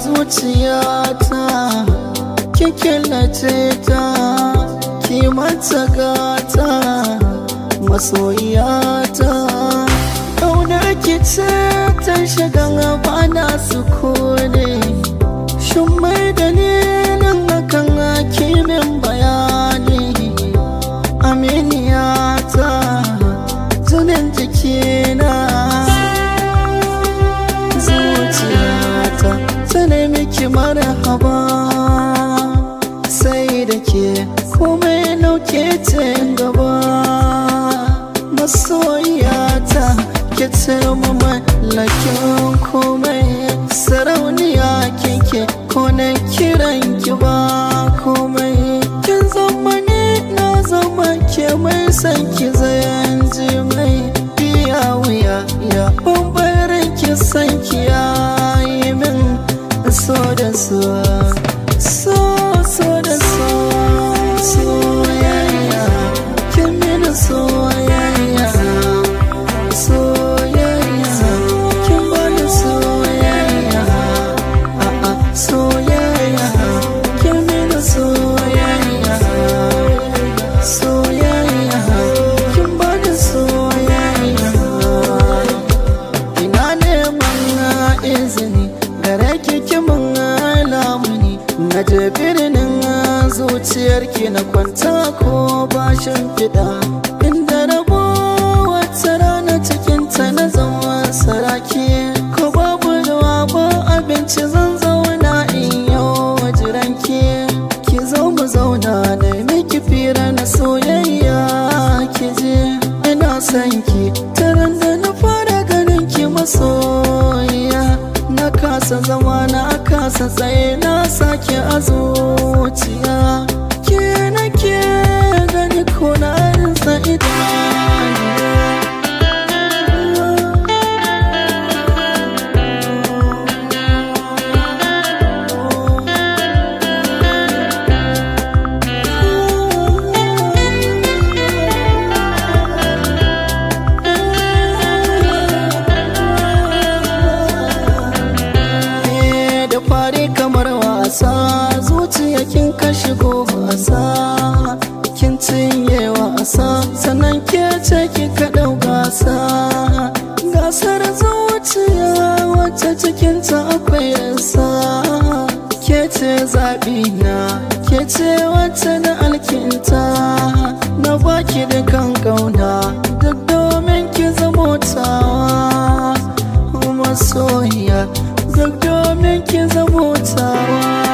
zuciyata ki killace ta ki mata gata masoyata ƙaunar ki ce ta shiga gaba na kone. marhaba sai da ke komai nauke ce gaba masoyata ke mu mallakin komai sarauniya kike ko na kiran ki ba komai kin zama ne na zama ke mai san ki zayan ji mai biya wuya ya bambarin ki san ki ya so da so so so da so so yaya kin mini so yaya so yaya kin bani so yaya a a so yaya kin mini so yaya so yaya kin bani so yaya ina neman izini gare ki na je birnin zuciyarki na kwanta ko bashin kiɗa inda na wata rana cikin ta na zama saraki ko babu ruwa ba abinci zan zauna in yau wajiran ki ki zo mu zauna na miki fira na soyayya ki je ina son ki taron da na fara ganin ki masoyiya na kasa zama sa tsaye na sake a zuciya wasa zuciya kin ka shigo wasa kin cinye wasa sannan ke ce ki ka gasa gasar zuciya wacce ta akwai yasa ke ce zaɓi na ke ce wacce na alkinta na baki da kan dokta min ki zamo